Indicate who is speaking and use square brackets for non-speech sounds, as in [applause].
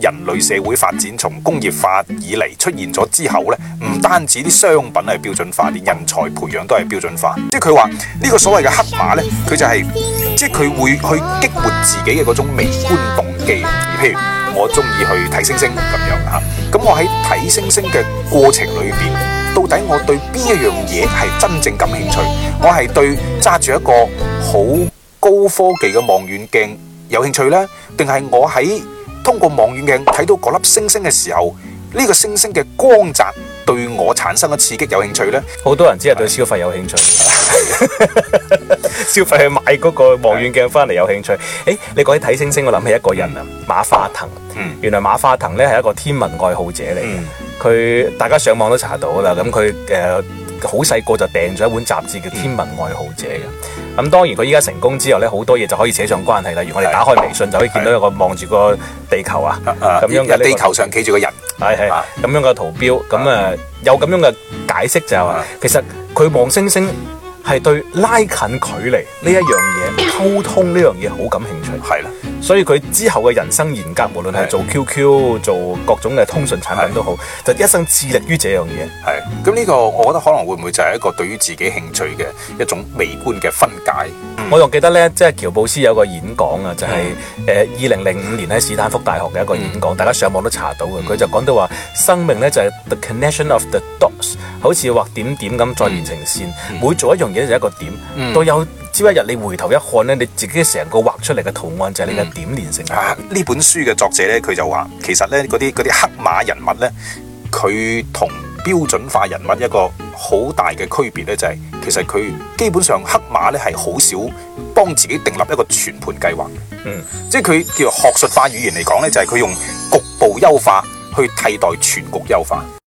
Speaker 1: 人類社會發展從工業化以嚟出現咗之後呢，唔單止啲商品係標準化，啲人才培養都係標準化。即係佢話呢個所謂嘅黑馬呢，佢就係、是、即係佢會去激活自己嘅嗰種微觀動機。譬如我中意去睇星星咁樣吓，咁我喺睇星星嘅過程裏邊，到底我對邊一樣嘢係真正感興趣？我係對揸住一個好高科技嘅望遠鏡有興趣呢？定係我喺，通過望遠鏡睇到嗰粒星星嘅時候，呢、這個星星嘅光澤對我產生嘅刺激有興趣呢，好多人只係對消費有興趣 [laughs] 消費去買嗰
Speaker 2: 個望遠鏡翻嚟有興趣。誒、欸，你講起睇星星，我諗起一個人啊，嗯、馬化騰。嗯、原來馬化騰呢係一個天文愛好者嚟，佢、嗯、大家上網都查到噶啦。咁佢誒。呃好細個就訂咗一本雜誌嘅天文愛好者嘅、嗯，咁當然佢依家成功之後咧，好多嘢就可以扯上關係啦。例如我哋打開微信就可以見到有個望住的個地球啊，咁、啊、樣嘅、這個、地球上企住個人，係係咁樣嘅圖標，咁啊，那啊有咁樣嘅解釋就係、是、話，啊、其實佢望星星係對拉近距離呢一樣嘢、溝、嗯、通呢樣嘢好感興趣，係啦。所以佢之後嘅人生嚴格，無論係做 QQ
Speaker 1: 做各種嘅通訊產品都好，是的 就一生致力於呢樣嘢。係咁呢個，我覺得可能會唔會就係一個對於自己興趣嘅一種微觀嘅分解。嗯、我仲記得
Speaker 2: 呢，即係喬布斯有個演講啊，就係二零零五年喺斯坦福大學嘅一個演講，嗯、大家上網都查到嘅。佢、嗯、就講到話，生命呢，就係 the connection of the dots 好似畫點點咁再連成線。嗯、每做一樣嘢就一個點，嗯、都有。朝一日你回頭一看咧，你自己成個畫出嚟嘅圖案就係你嘅點連成嘅。
Speaker 1: 呢、嗯啊、本書嘅作者咧，佢就話其實咧，嗰啲嗰啲黑馬人物咧，佢同標準化人物一個好大嘅區別咧，就係、是、其實佢基本上黑馬咧，係好少幫自己訂立一個全盤計劃。嗯，即係佢叫做學術化語言嚟講咧，就係、是、佢用局部優化去替代全局優化。